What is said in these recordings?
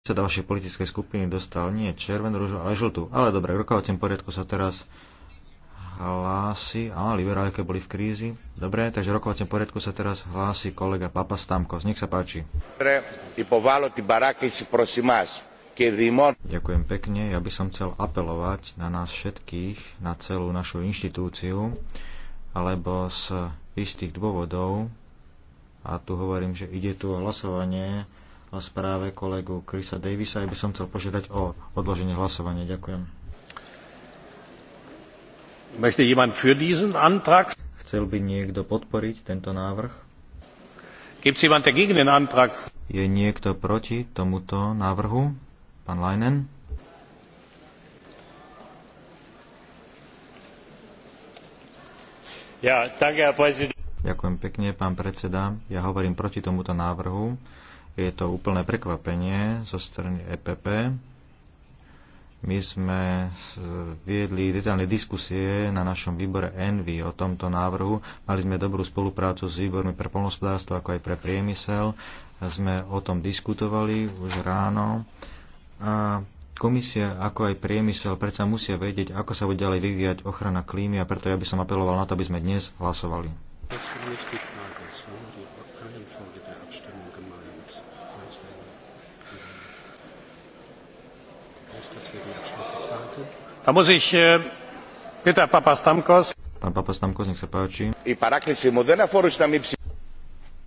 sa vašej politickej skupiny dostal nie červenú rúžu, ale žltú. Ale dobre, v rokovacím poriadku sa teraz hlási, a liberálke boli v krízi. Dobre, takže v rokovacím poriadku sa teraz hlási kolega Papa Stamkos. Nech sa páči. Ďakujem pekne. Ja by som chcel apelovať na nás všetkých, na celú našu inštitúciu, lebo z istých dôvodov, a tu hovorím, že ide tu o hlasovanie správe kolegu Krisa Davisa. Ja by som chcel požiadať o odloženie hlasovania. Ďakujem. Chcel by niekto podporiť tento návrh? Je niekto proti tomuto návrhu? Pán Leinen? Ja, danke, Ďakujem pekne, pán predseda. Ja hovorím proti tomuto návrhu je to úplné prekvapenie zo strany EPP. My sme viedli detailné diskusie na našom výbore Envy o tomto návrhu. Mali sme dobrú spoluprácu s výbormi pre polnospodárstvo, ako aj pre priemysel. Sme o tom diskutovali už ráno. A komisia, ako aj priemysel, predsa musia vedieť, ako sa bude ďalej vyvíjať ochrana klímy a preto ja by som apeloval na to, aby sme dnes hlasovali. Da muss ich Peter äh, Papastamkos. Pán Papastamkos, nech sa páči.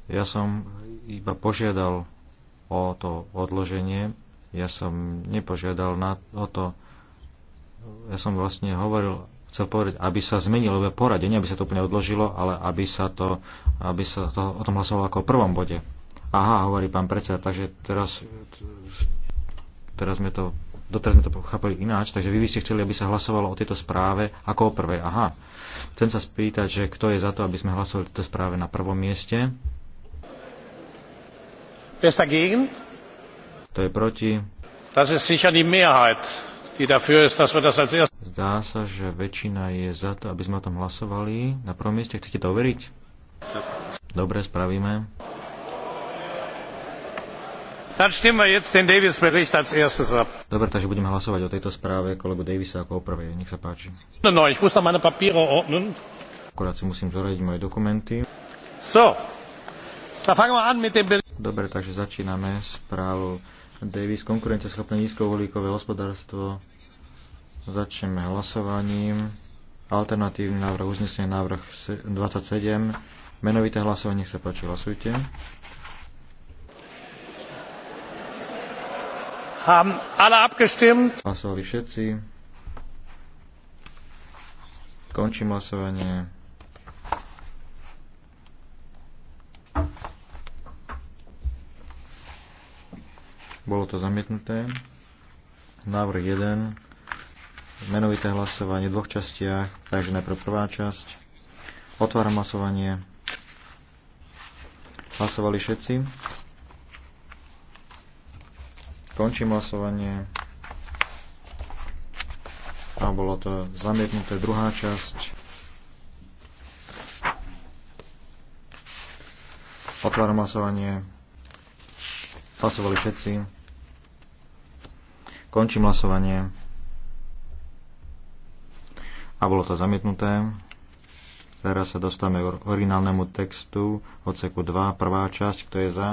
Ja som iba požiadal o to odloženie. Ja som nepožiadal na, o to. Ja som vlastne hovoril, chcel povedať, aby sa zmenilo ve porade, nie aby sa to úplne odložilo, ale aby sa to, aby sa to o tom hlasovalo ako o prvom bode. Aha, hovorí pán predseda, takže teraz, teraz mi to doteraz sme to chápali ináč, takže vy by ste chceli, aby sa hlasovalo o tejto správe ako o prvej. Aha. Chcem sa spýtať, že kto je za to, aby sme hlasovali o tejto správe na prvom mieste? Kto je proti? Das ist sicher die Mehrheit, die dafür ist, dass wir das als Zdá sa, že väčšina je za to, aby sme o tom hlasovali. Na prvom mieste chcete to overiť? Dobre, spravíme. Dobre, takže budeme hlasovať o tejto správe kolegu Davisa ako o prvej. Nech sa páči. No, no, Akurát Akorát si musím zoradiť moje dokumenty. Dobre, takže začíname správu Davis, konkurenceschopné nízkouhlíkové hospodárstvo. Začneme hlasovaním. Alternatívny návrh uznesenie návrh 27. Menovité hlasovanie, nech sa páči, hlasujte. Haben alle abgestimmt? Hlasovali všetci. Končím hlasovanie. Bolo to zamietnuté. Návrh 1. Menovité hlasovanie v dvoch častiach. Takže najprv prvá časť. Otváram hlasovanie. Hlasovali všetci. Končím hlasovanie. A bolo to zamietnuté druhá časť. Otváram hlasovanie. Hlasovali všetci. Končím hlasovanie. A bolo to zamietnuté. Teraz sa dostávame k originálnemu textu, odseku 2, prvá časť, kto je za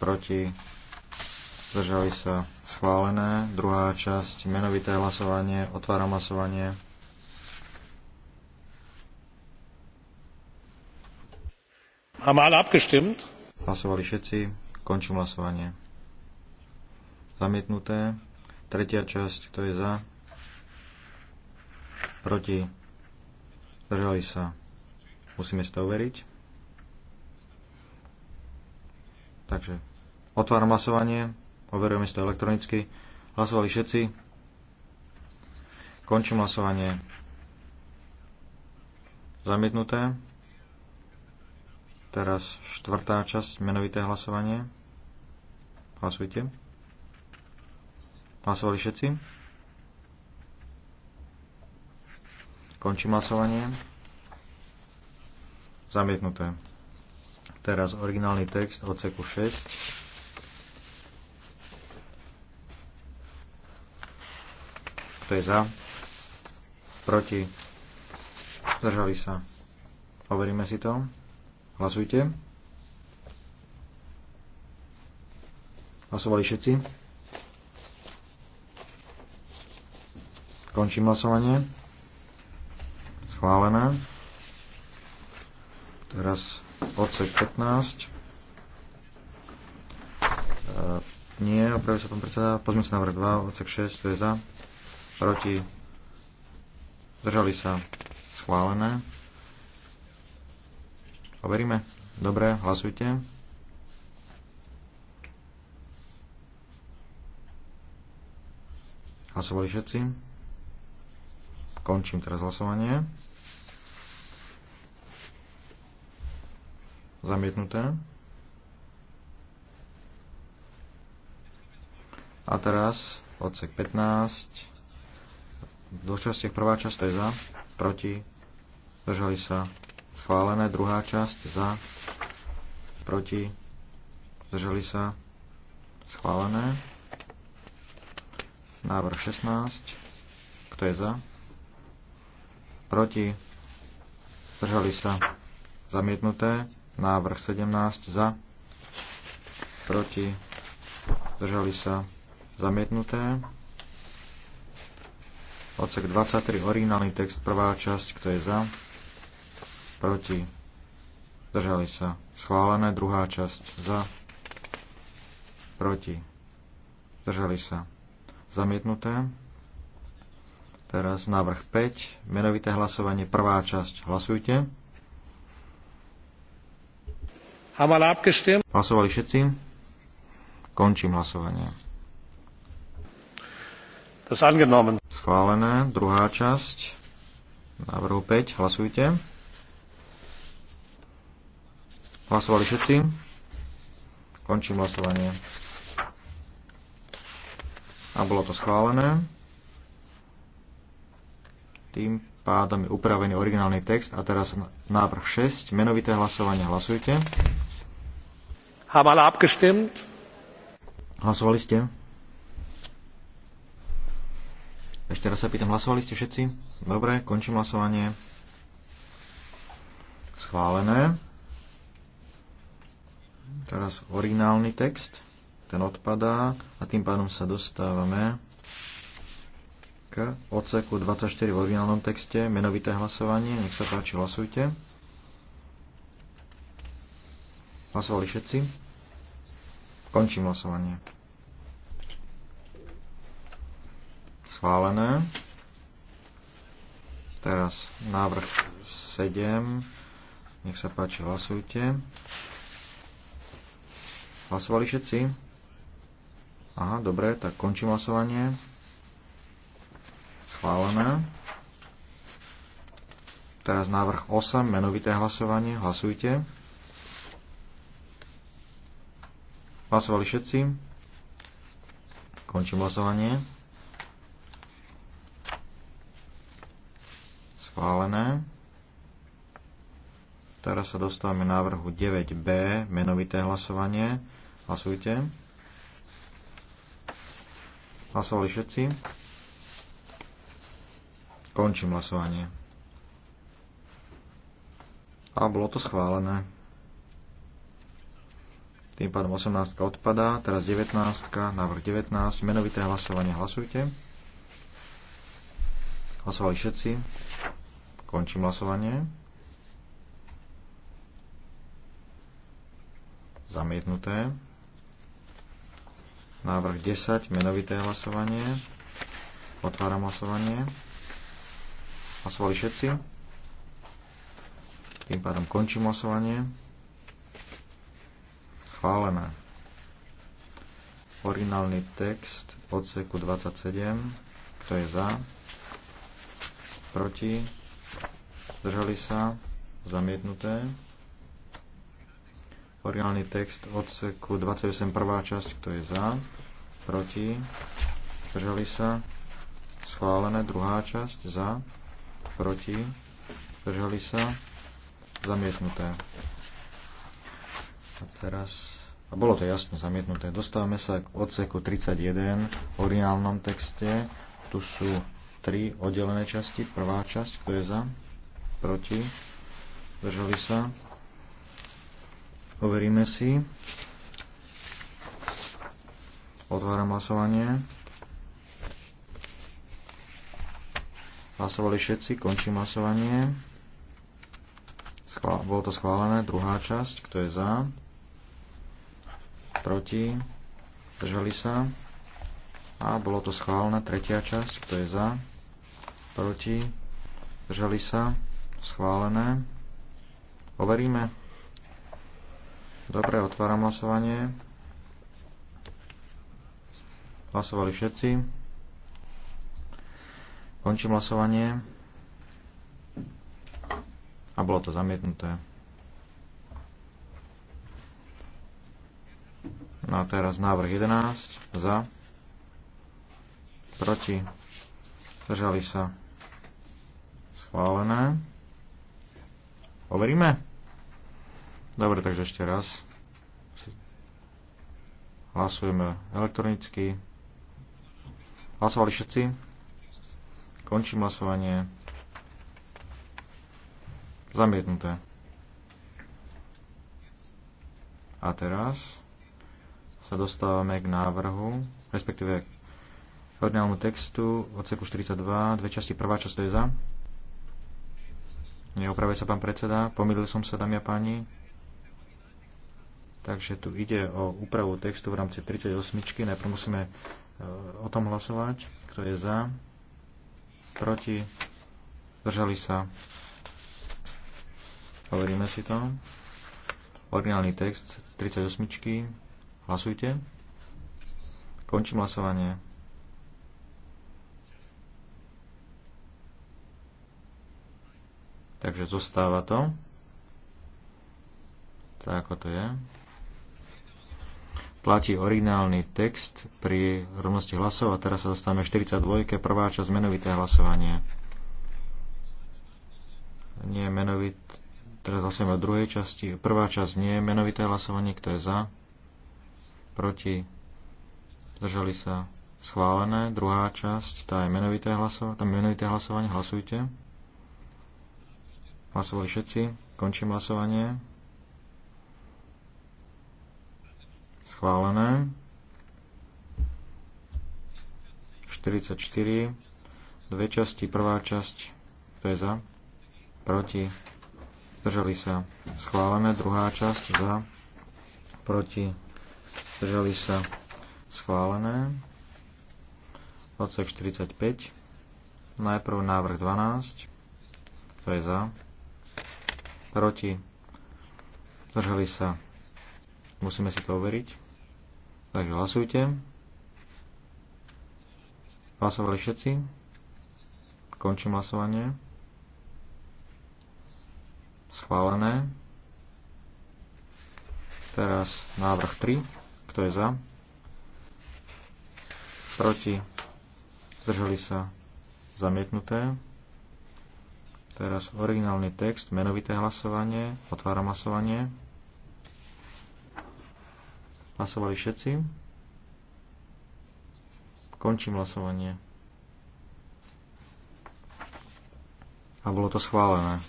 proti, zdržali sa schválené. Druhá časť, menovité hlasovanie, otváram hlasovanie. Haben alle abgestimmt? Hlasovali všetci, končím hlasovanie. Zamietnuté. Tretia časť, kto je za? Proti. Zdržali sa. Musíme si to overiť. Takže Otváram hlasovanie. Overujeme si to elektronicky. Hlasovali všetci. Končím hlasovanie. Zamietnuté. Teraz štvrtá časť, menovité hlasovanie. Hlasujte. Hlasovali všetci? Končím hlasovanie. Zamietnuté. Teraz originálny text odseku 6. Kto je za? Proti? Zdržali sa. Overíme si to. Hlasujte. Hlasovali všetci. Končím hlasovanie. Schválené. Teraz odsek 15. E, nie, opravil sa pán predseda. Pozme sa návrh 2, odsek 6, to je za proti, zdržali sa, schválené. Overíme? Dobre, hlasujte. Hlasovali všetci? Končím teraz hlasovanie. Zamietnuté. A teraz odsek 15 v dvoch častiach. Prvá časť to je za, proti, zdržali sa, schválené. Druhá časť za, proti, zdržali sa, schválené. Návrh 16, kto je za, proti, zdržali sa, zamietnuté. Návrh 17 za, proti, zdržali sa, zamietnuté. Odsek 23, originálny text, prvá časť, kto je za, proti, držali sa. Schválené, druhá časť, za, proti, držali sa. Zamietnuté. Teraz návrh 5, menovité hlasovanie, prvá časť, hlasujte. Hlasovali všetci? Končím hlasovanie. Das angenommen. Schválené. Druhá časť. Návrhu 5. Hlasujte. Hlasovali všetci? Končím hlasovanie. A bolo to schválené. Tým pádom je upravený originálny text a teraz návrh 6, menovité hlasovanie, hlasujte. Haben alle abgestimmt? Hlasovali ste? Ešte raz sa pýtam, hlasovali ste všetci? Dobre, končím hlasovanie. Schválené. Teraz originálny text. Ten odpadá a tým pádom sa dostávame k odseku 24 v originálnom texte. Menovité hlasovanie. Nech sa páči, hlasujte. Hlasovali všetci? Končím hlasovanie. Schválené. Teraz návrh 7. Nech sa páči, hlasujte. Hlasovali všetci? Aha, dobre, tak končím hlasovanie. Schválené. Teraz návrh 8, menovité hlasovanie. Hlasujte. Hlasovali všetci? Končím hlasovanie. Schválené. Teraz sa dostávame návrhu 9b, menovité hlasovanie. Hlasujte. Hlasovali všetci. Končím hlasovanie. A bolo to schválené. Tým pádom 18 odpadá, teraz 19, návrh 19, menovité hlasovanie, hlasujte. Hlasovali všetci. Končím hlasovanie. Zamietnuté. Návrh 10, menovité hlasovanie. Otváram hlasovanie. Hlasovali všetci. Tým pádom končím hlasovanie. Schválené. Originálny text odseku 27. Kto je za? Proti? Zdržali sa? Zamietnuté. Oriálny text odseku 28, prvá časť, kto je za, proti, zdržali sa, schválené, druhá časť, za, proti, zdržali sa, zamietnuté. A teraz, a bolo to jasne zamietnuté, dostávame sa k odseku 31 v originálnom texte, tu sú tri oddelené časti, prvá časť, kto je za, proti, držali sa. Overíme si. Otváram hlasovanie. Hlasovali všetci, končím hlasovanie. Schvál, bolo to schválené, druhá časť, kto je za, proti, držali sa. A bolo to schválené, tretia časť, kto je za, proti, držali sa. Schválené. Overíme. Dobre, otváram hlasovanie. Hlasovali všetci. Končím hlasovanie. A bolo to zamietnuté. No a teraz návrh 11. Za. Proti. držali sa. Schválené. Overíme? Dobre, takže ešte raz. Hlasujeme elektronicky. Hlasovali všetci? Končím hlasovanie. Zamietnuté. A teraz sa dostávame k návrhu, respektíve k originálnemu textu odseku 42, dve časti, prvá časť to je za, Neopravuje sa pán predseda, pomýlil som sa, dámy a páni. Takže tu ide o úpravu textu v rámci 38. Najprv musíme e, o tom hlasovať. Kto je za? Proti? Zdržali sa? Overíme si to. Originálny text 38. Hlasujte. Končím hlasovanie. Takže zostáva to. Tak ako to je. Platí originálny text pri rovnosti hlasov a teraz sa dostávame 42. Prvá časť menovité hlasovanie. Nie menovité. Teraz hlasujeme o druhej časti. Prvá časť nie je menovité hlasovanie. Kto je za? Proti? Zdržali sa? Schválené. Druhá časť. Tá je menovité hlasovanie. Tam je menovité hlasovanie. Hlasujte. Hlasovali všetci. Končím hlasovanie. Schválené. 44. Dve časti. Prvá časť. to je za? Proti. Zdržali sa. Schválené. Druhá časť. Za. Proti. Zdržali sa. Schválené. Odsek 45. Najprv návrh 12. to je za? proti, zdržali sa. Musíme si to overiť. Takže hlasujte. Hlasovali všetci. Končím hlasovanie. Schválené. Teraz návrh 3. Kto je za? Proti. Zdržali sa. Zamietnuté. Teraz originálny text, menovité hlasovanie. Otváram hlasovanie. Hlasovali všetci. Končím hlasovanie. A bolo to schválené.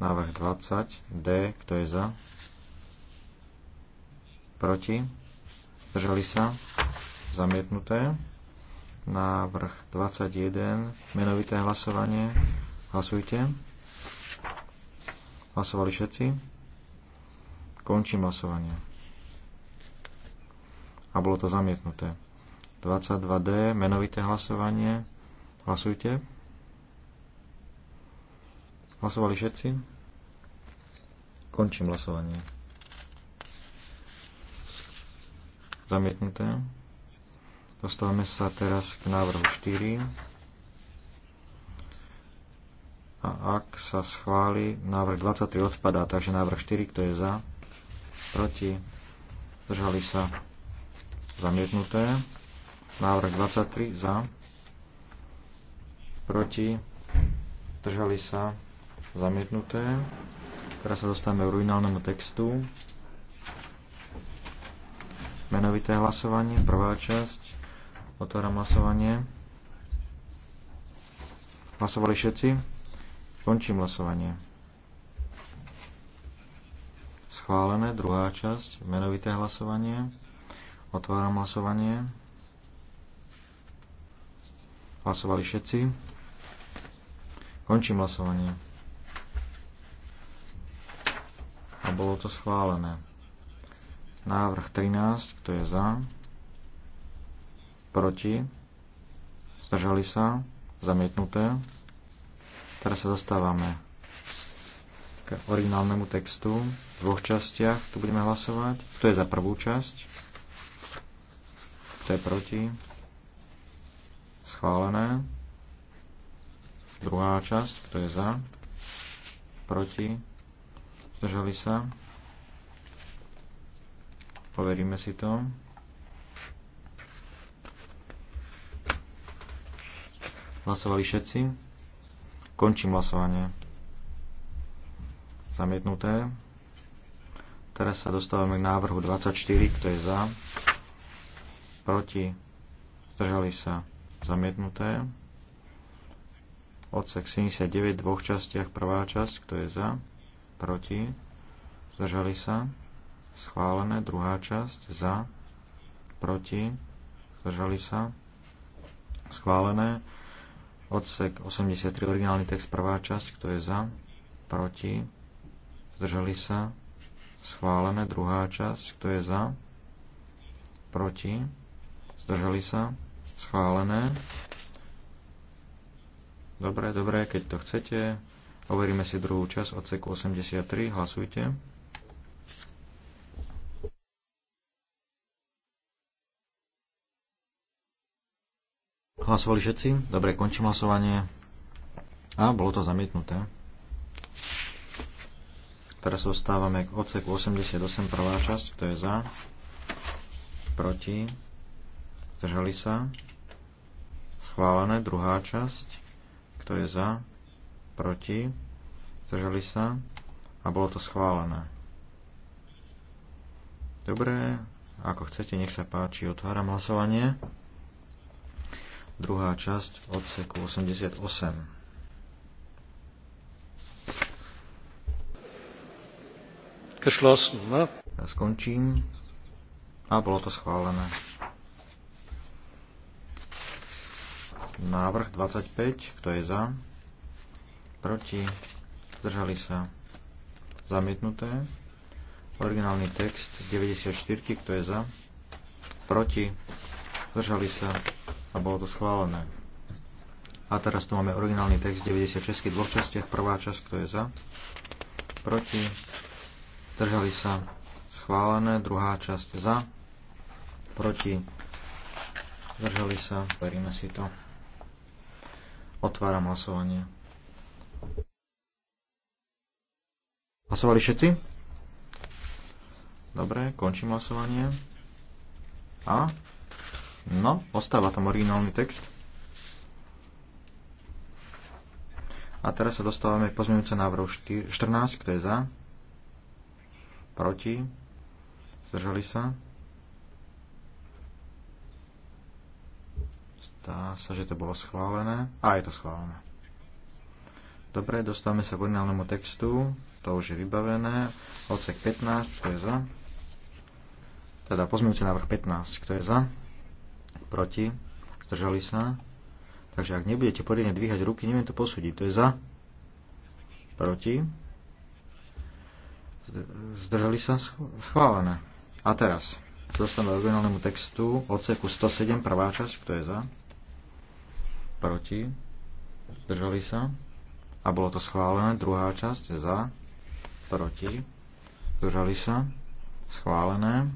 Návrh 20. D. Kto je za? Proti? Zdržali sa? Zamietnuté. Návrh 21. Menovité hlasovanie. Hlasujte. Hlasovali všetci. Končím hlasovanie. A bolo to zamietnuté. 22D, menovité hlasovanie. Hlasujte. Hlasovali všetci? Končím hlasovanie. Zamietnuté. Dostávame sa teraz k návrhu 4 a ak sa schváli, návrh 23 odpadá, takže návrh 4, kto je za, proti, zdržali sa, zamietnuté. Návrh 23 za, proti, zdržali sa, zamietnuté. Teraz sa dostávame k originálnemu textu. Menovité hlasovanie, prvá časť. Otváram hlasovanie. Hlasovali všetci? Končím hlasovanie. Schválené, druhá časť, menovité hlasovanie. Otváram hlasovanie. Hlasovali všetci. Končím hlasovanie. A bolo to schválené. Návrh 13, kto je za? Proti? Zdržali sa? Zamietnuté? Teraz sa dostávame k originálnemu textu v dvoch častiach. Tu budeme hlasovať. Kto je za prvú časť? Kto je proti? Schválené. Druhá časť. Kto je za? Proti? Zdržali sa? Poveríme si to. Hlasovali všetci? Končím hlasovanie. Zamietnuté. Teraz sa dostávame k návrhu 24, kto je za, proti, zdržali sa, zamietnuté. Odsek 79 v dvoch častiach, prvá časť, kto je za, proti, zdržali sa, schválené, druhá časť, za, proti, zdržali sa, schválené. Odsek 83, originálny text, prvá časť, kto je za, proti, zdržali sa, schválené, druhá časť, kto je za, proti, zdržali sa, schválené. Dobre, dobre, keď to chcete, overíme si druhú časť odseku 83, hlasujte. Hlasovali všetci? Dobre, končím hlasovanie. A bolo to zamietnuté. Teraz ostávame k odseku 88, prvá časť, kto je za, proti, zdržali sa, schválené, druhá časť, kto je za, proti, zdržali sa a bolo to schválené. Dobre, ako chcete, nech sa páči, otváram hlasovanie druhá časť odseku 88. Geschlossen, ne? Ja skončím. A bolo to schválené. Návrh 25, kto je za? Proti? Zdržali sa? Zamietnuté. Originálny text 94, kto je za? Proti? Zdržali sa? a bolo to schválené. A teraz tu máme originálny text 96 v dvoch častiach. Prvá časť, kto je za, proti, držali sa schválené. Druhá časť za, proti, držali sa, veríme si to. Otváram hlasovanie. Hlasovali všetci? Dobre, končím hlasovanie. A No, ostáva tam originálny text. A teraz sa dostávame k pozmeňujúce návrhu 14, kto je za, proti, zdržali sa. Zdá sa, že to bolo schválené. A je to schválené. Dobre, dostávame sa k originálnemu textu. To už je vybavené. Odsek 15, kto je za. Teda pozmeňujúce návrh 15, kto je za, proti, zdržali sa. Takže ak nebudete poriadne dvíhať ruky, neviem to posúdiť. To je za, proti, zdržali sa, schválené. A teraz dostaneme do originálnemu textu odseku 107, prvá časť, kto je za, proti, zdržali sa. A bolo to schválené, druhá časť, za, proti, zdržali sa, schválené.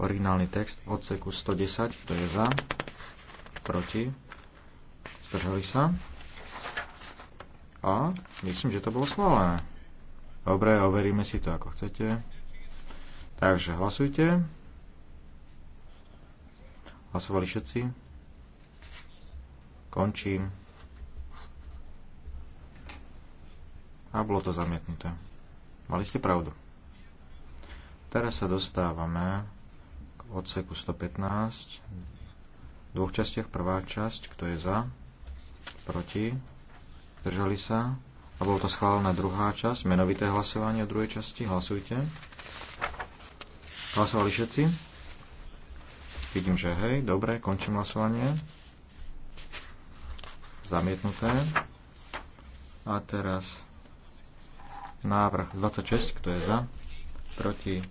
Originálny text odseku 110, kto je za, proti, zdržali sa. A myslím, že to bolo schválené. Dobre, overíme si to ako chcete. Takže hlasujte. Hlasovali všetci. Končím. A bolo to zamietnuté. Mali ste pravdu. Teraz sa dostávame odseku 115 v dvoch častiach. Prvá časť, kto je za, proti, zdržali sa. A bolo to schválená druhá časť, menovité hlasovanie o druhej časti. Hlasujte. Hlasovali všetci? Vidím, že hej, dobre, končím hlasovanie. Zamietnuté. A teraz návrh 26, kto je za, proti,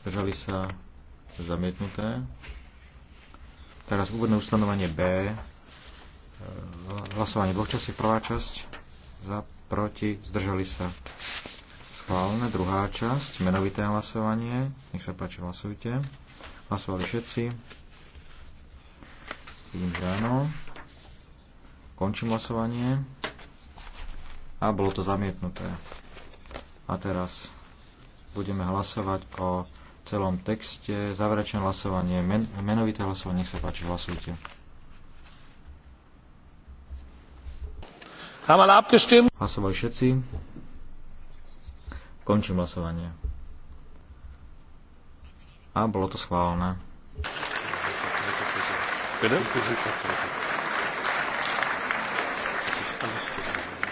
zdržali sa zamietnuté. Teraz úvodné ustanovenie B, hlasovanie dvoch časí, prvá časť, za, proti, zdržali sa. Schválené, druhá časť, menovité hlasovanie, nech sa páči, hlasujte. Hlasovali všetci. Vidím, že áno. Končím hlasovanie. A bolo to zamietnuté. A teraz budeme hlasovať o celom texte, záverečné hlasovanie, men, menovité hlasovanie, nech sa páči, hlasujte. Hlasovali všetci. Končím hlasovanie. A bolo to schválené.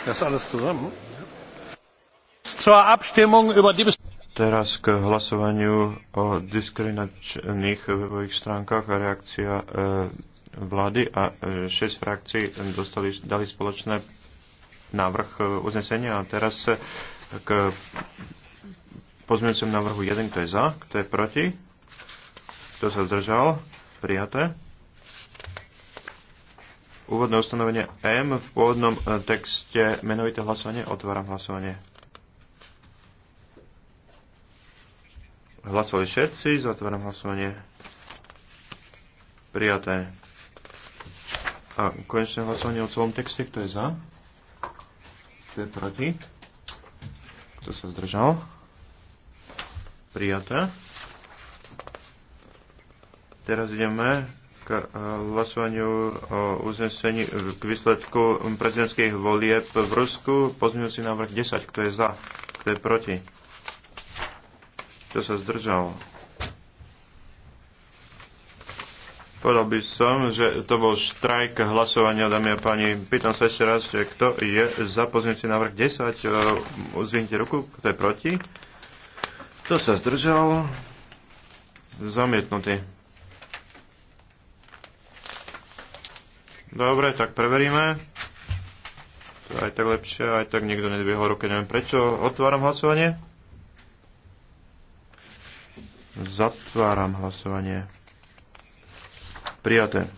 Das ist alles zusammen. Zur Abstimmung über die Teraz k hlasovaniu o diskriminačných webových stránkach a reakcia e, vlády a e, šesť frakcií dostali, dali spoločné návrh e, uznesenia a teraz e, k sem návrhu 1, kto je za, kto je proti, kto sa zdržal, prijaté. Úvodné ustanovenie M v pôvodnom e, texte menovité hlasovanie, otváram hlasovanie. Hlasovali všetci, zatváram hlasovanie. Prijaté. A konečné hlasovanie o celom texte, kto je za? Kto je proti? Kto sa zdržal? Prijaté. Teraz ideme k eh, hlasovaniu o uznesení k výsledku prezidentských volieb v Rusku. Pozmiňujúci návrh 10. Kto je za? Kto je proti? Kto sa zdržal? Povedal by som, že to bol štrajk hlasovania, dámy a páni. Pýtam sa ešte raz, že kto je za pozmeňujúci návrh 10? Eh, Zvinite ruku, kto je proti? Kto sa zdržal? Zamietnutý. Dobre, tak preveríme. To je aj tak lepšie, aj tak niekto nedvihol ruky neviem prečo. Otváram hlasovanie. Zatváram hlasovanie. Prijaté.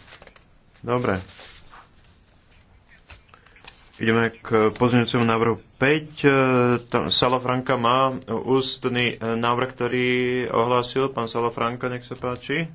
Dobre. Ideme k pozmeňujúcemu návrhu 5. E, Tam Salafranka má ústny e, návrh, ktorý ohlásil. Pán Salafranka, nech sa páči.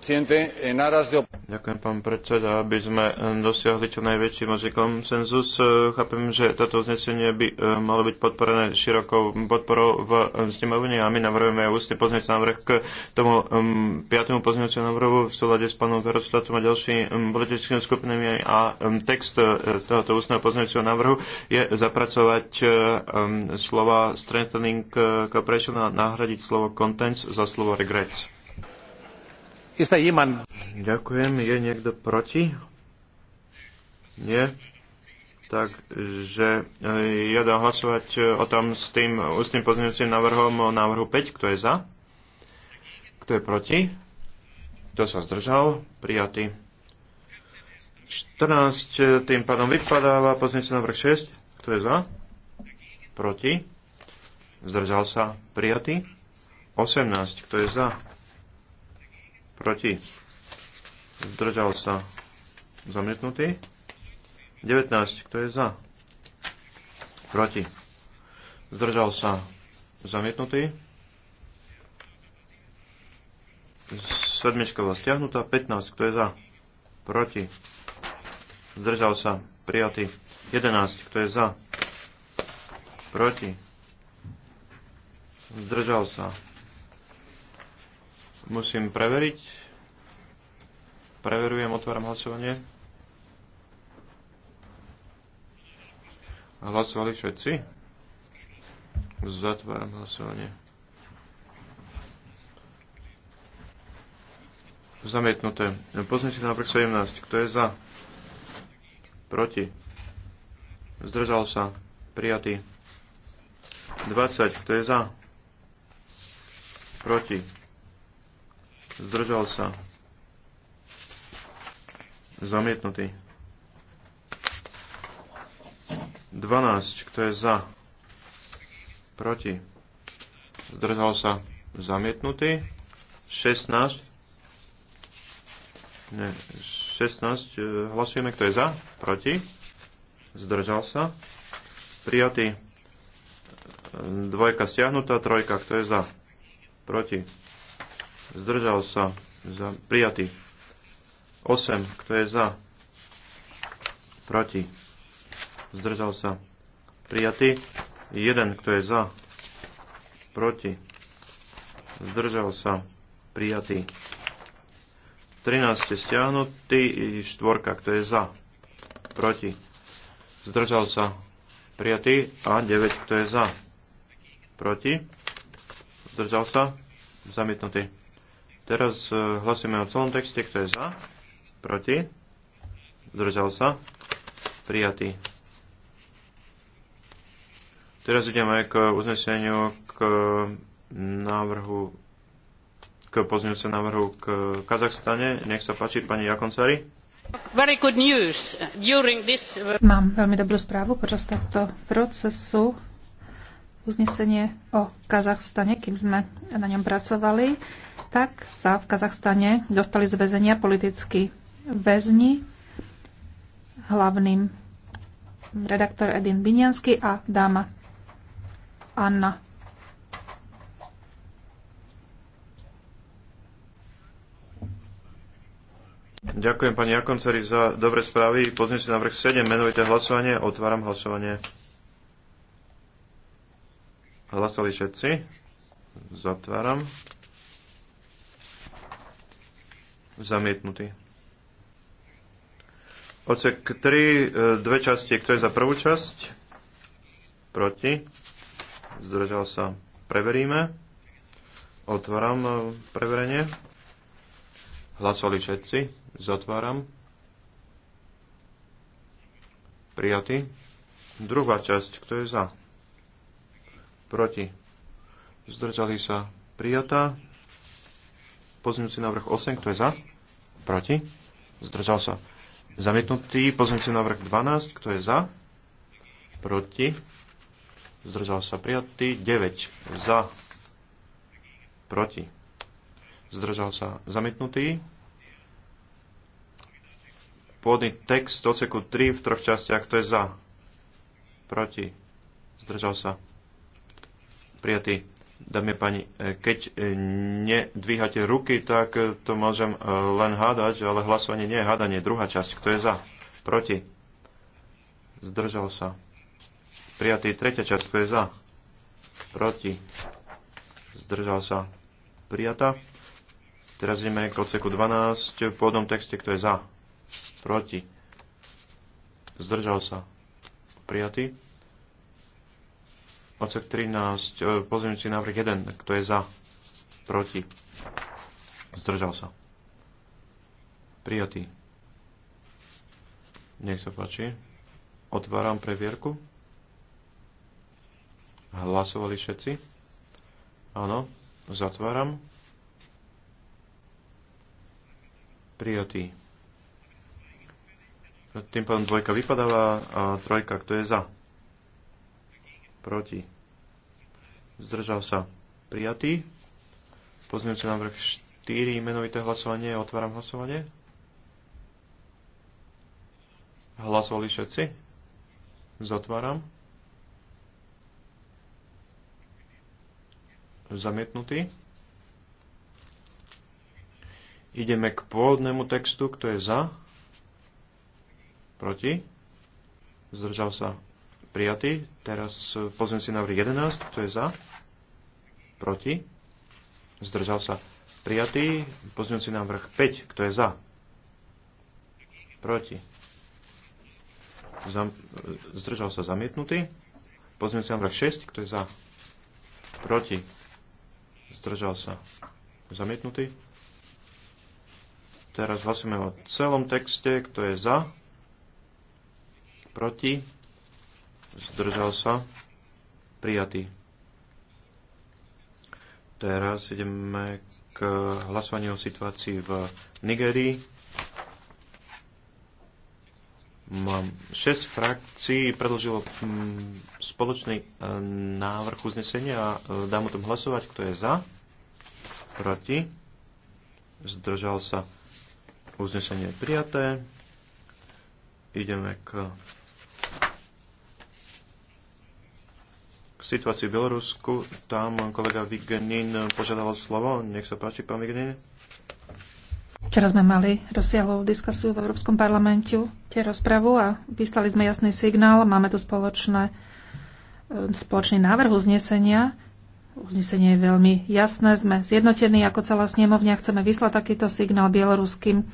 Ďakujem, pán predseda. Aby sme eh, dosiahli čo najväčší možný konsenzus, eh, chápem, že toto uznesenie by eh, malo byť podporené širokou podporou v snemovni a my navrhujeme ústne pozmeňujúci návrh k tomu mm, piatému pozmeňujúcemu návrhu v súlade s pánom Verhofstadtom a ďalšími mm, politickými skupinami a mm, text tohoto ústneho pozmeňujúceho návrhu je zapracovať slova strengthening cooperation a nahradiť slovo contents za slovo regrets. Ďakujem. Je niekto proti? Nie. Takže eh, ja dám hlasovať eh, o tom s tým ústnym pozmeňujúcim návrhom o návrhu 5. Kto je za? Kto je proti? Kto sa zdržal? Prijatý. 14 eh, tým pádom vypadáva pozmeňujúci návrh 6. Kto je za? Proti? Zdržal sa? Prijatý? 18. Kto je za? proti, zdržal sa, zamietnutý. 19, kto je za, proti, zdržal sa, zamietnutý. Sedmička bola stiahnutá, 15, kto je za, proti, zdržal sa, prijatý. 11, kto je za, proti, zdržal sa, Musím preveriť. Preverujem, otváram hlasovanie. Hlasovali všetci? Zatváram hlasovanie. Zamietnuté. si na 17. Kto je za? Proti. Zdržal sa. Prijatý. 20. Kto je za? Proti. Zdržal sa. Zamietnutý. 12. Kto je za? Proti. Zdržal sa. Zamietnutý. 16. Ne, 16. E, hlasujeme, kto je za? Proti. Zdržal sa. Prijatý. E, dvojka stiahnutá, trojka. Kto je za? Proti zdržal sa, za, prijatý. 8, kto je za, proti, zdržal sa, prijatý. 1, kto je za, proti, zdržal sa, prijatý. 13 je stiahnutý, 4, kto je za, proti, zdržal sa, prijatý. A 9, kto je za, proti, zdržal sa, zamietnutý. Teraz e, hlasujeme o celom texte, kto je za, proti, zdržal sa, prijatý. Teraz ideme k uzneseniu k návrhu k pozňujúce návrhu k Kazachstane. Nech sa páči, pani Jakoncari. This... Mám veľmi dobrú správu počas tohto procesu uznesenie o Kazachstane, kým sme na ňom pracovali tak sa v Kazachstane dostali z väzenia politickí väzni. Hlavným redaktor Edin Biniansky a dáma Anna. Ďakujem pani Jakoncari za dobre správy. Pozrite si na vrch 7, menujte hlasovanie. Otváram hlasovanie. Hlasovali všetci. Zatváram zamietnutý. Odsek 3, e, dve časti. Kto je za prvú časť? Proti. Zdržal sa. Preveríme. Otváram e, preverenie. Hlasovali všetci. Zatváram. Prijatý. Druhá časť. Kto je za? Proti. Zdržali sa. Prijatá. Pozmeňujúci návrh 8, kto je za? Proti? Zdržal sa. Zamietnutý pozmeňujúci návrh 12, kto je za? Proti? Zdržal sa prijatý. 9 za. Proti. Zdržal sa zamietnutý. Pôvodný text odseku 3 v troch častiach. Kto je za? Proti. Zdržal sa. Prijatý Dámy a páni, keď nedvíhate ruky, tak to môžem e, len hádať, ale hlasovanie nie je hádanie. Druhá časť, kto je za? Proti? Zdržal sa. Prijatý tretia časť, kto je za? Proti? Zdržal sa. Prijatá. Teraz ideme k odseku 12, v pôvodnom texte, kto je za? Proti? Zdržal sa. Prijatý odsek 13, si návrh 1, kto je za, proti, zdržal sa. Prijatý. Nech sa páči. Otváram previerku. Hlasovali všetci? Áno. Zatváram. Prijatý. Tým pádom dvojka vypadáva a trojka, kto je za? proti, zdržal sa, prijatý. Pozmeňujúci návrh 4, menovité hlasovanie, otváram hlasovanie. Hlasovali všetci? Zatváram. Zamietnutý. Ideme k pôvodnému textu, kto je za, proti, zdržal sa, prijatý. Teraz eh, pozriem si návrh 11, kto je za, proti, zdržal sa prijatý. Pozriem si návrh 5, kto je za, proti, Zam, eh, zdržal sa zamietnutý. Pozriem si návrh 6, kto je za, proti, zdržal sa zamietnutý. Teraz hlasujeme o celom texte, kto je za, proti, zdržal sa, prijatý. Teraz ideme k hlasovaniu o situácii v Nigerii. Mám 6 frakcií predložilo mm, spoločný e, návrh uznesenia a e, dám o tom hlasovať, kto je za, proti, zdržal sa uznesenie prijaté. Ideme k k situácii v Bielorusku. Tam kolega Vigenin požiadal slovo. Nech sa páči, pán Vigenin. Včera sme mali rozsiahlu diskusiu v Európskom parlamentu, tie rozpravu a vyslali sme jasný signál. Máme tu spoločné, e, spoločný návrh uznesenia. Uznesenie je veľmi jasné. Sme zjednotení ako celá snemovňa. Chceme vyslať takýto signál bieloruským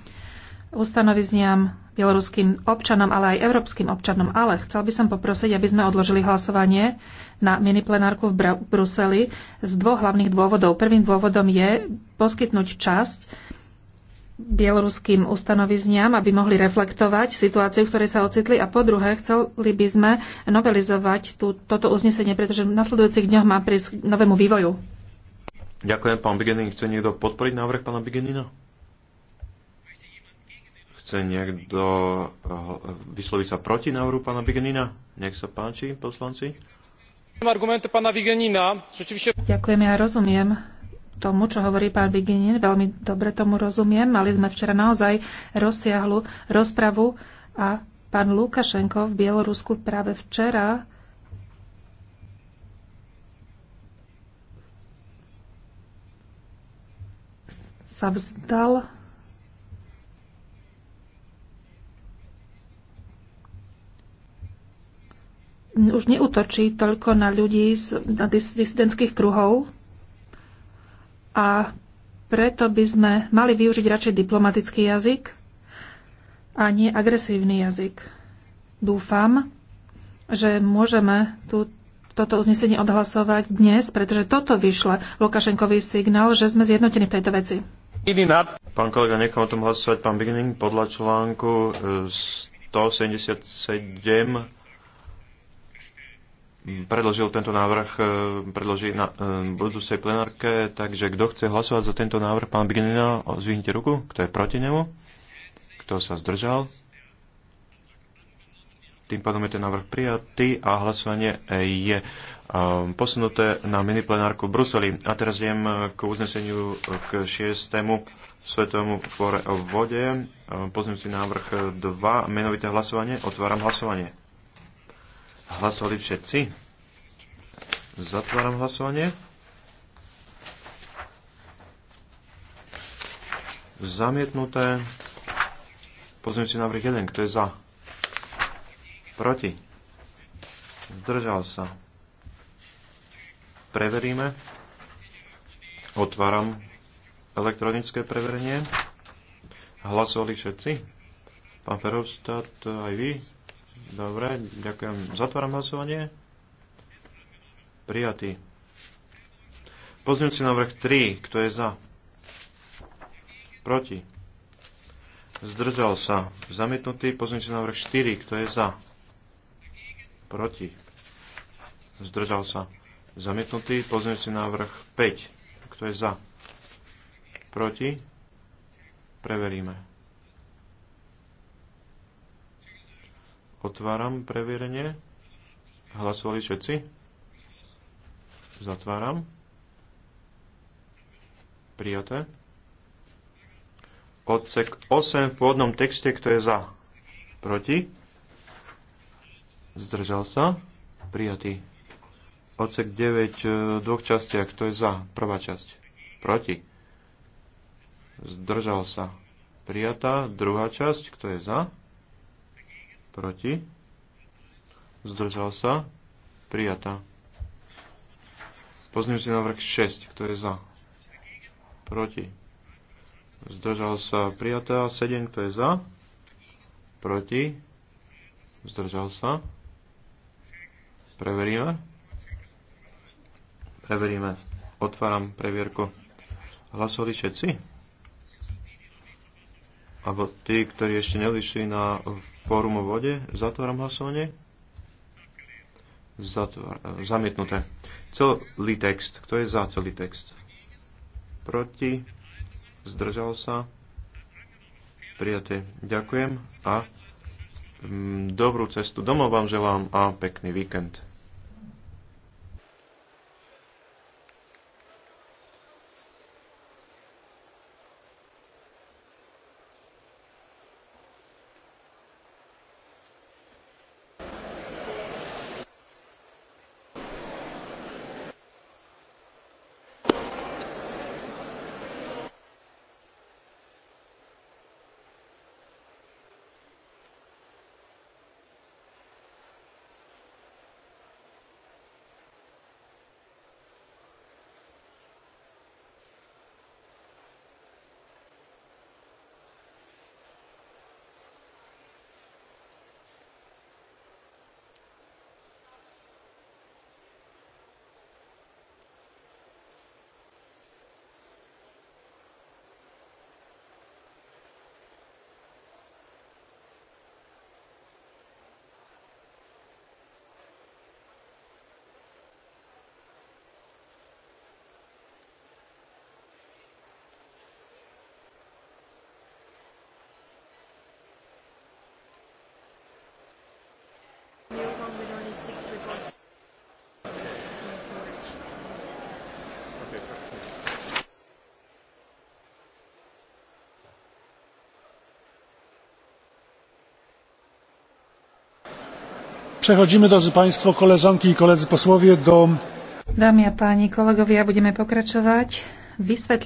ustanovizniam bieloruským občanom, ale aj európskym občanom. Ale chcel by som poprosiť, aby sme odložili hlasovanie na miniplenárku v Bruseli z dvoch hlavných dôvodov. Prvým dôvodom je poskytnúť časť bieloruským ustanovizniam, aby mohli reflektovať situáciu, v ktorej sa ocitli. A po druhé, chceli by sme novelizovať tú, toto uznesenie, pretože v nasledujúcich dňoch má prísť k novému vývoju. Ďakujem, pán Bigenin. Chce niekto podporiť návrh pána Bigenina? Chce niekto eh, vysloviť sa proti návrhu pána Vigenina? Nech sa páči, poslanci. Argumenty pána Vigenina. Rzeczywiście... Ďakujem, ja rozumiem tomu, čo hovorí pán Vigenin. Veľmi dobre tomu rozumiem. Mali sme včera naozaj rozsiahlu rozpravu a pán Lukašenko v Bielorusku práve včera sa vzdal už neutočí toľko na ľudí z dis disidentských kruhov a preto by sme mali využiť radšej diplomatický jazyk a nie agresívny jazyk. Dúfam, že môžeme tú, toto uznesenie odhlasovať dnes, pretože toto vyšle Lukašenkový signál, že sme zjednotení v tejto veci. Pán kolega, nechám o tom hlasovať. Pán Bigning, podľa článku 177 eh, predložil tento návrh, e, predloží na e, budúcej plenárke, takže kto chce hlasovať za tento návrh, pán Bignina, zvihnite ruku, kto je proti nemu, kto sa zdržal. Tým pádom je ten návrh prijatý a hlasovanie e, je posunuté na mini plenárku v Bruseli. A teraz idem k uzneseniu k šiestému Svetovému fóre o vode. si návrh 2, menovité hlasovanie. Otváram hlasovanie. Hlasovali všetci? Zatváram hlasovanie. Zamietnuté. Pozrieme si návrh 1. Kto je za? Proti? Zdržal sa. Preveríme. Otváram elektronické preverenie. Hlasovali všetci? Pán Ferovstad, aj vy? Dobre, ďakujem. Zatváram hlasovanie. Prijatý. Pozňujúci návrh 3. Kto je za? Proti. Zdržal sa. Zamietnutý. Pozňujúci návrh 4. Kto je za? Proti. Zdržal sa. Zamietnutý. Pozňujúci návrh 5. Kto je za? Proti. Preveríme. Otváram previerenie. Hlasovali všetci? Zatváram. Prijaté. Odsek 8 v pôvodnom texte, kto je za? Proti? Zdržal sa? Prijatý. Odsek 9 v dvoch častiach, kto je za? Prvá časť. Proti? Zdržal sa? Prijatá. Druhá časť, kto je za? proti, zdržal sa, prijatá. Pozrieme si návrh 6, kto je za, proti, zdržal sa, prijatá. 7, kto je za, proti, zdržal sa. Preveríme. Preveríme. Otváram previerku. Hlasovali všetci? alebo tí, ktorí ešte nelišli na fórum o vode, zatváram hlasovanie. Zatvár, zamietnuté. Celý text. Kto je za celý text? Proti? Zdržal sa? Prijaté. Ďakujem a mm, dobrú cestu domov vám želám a pekný víkend. Przechodzimy, drodzy Państwo, koleżanki i koledzy posłowie, do... Dámy a páni, kolegovia, budeme pokračovať. Vysvetl-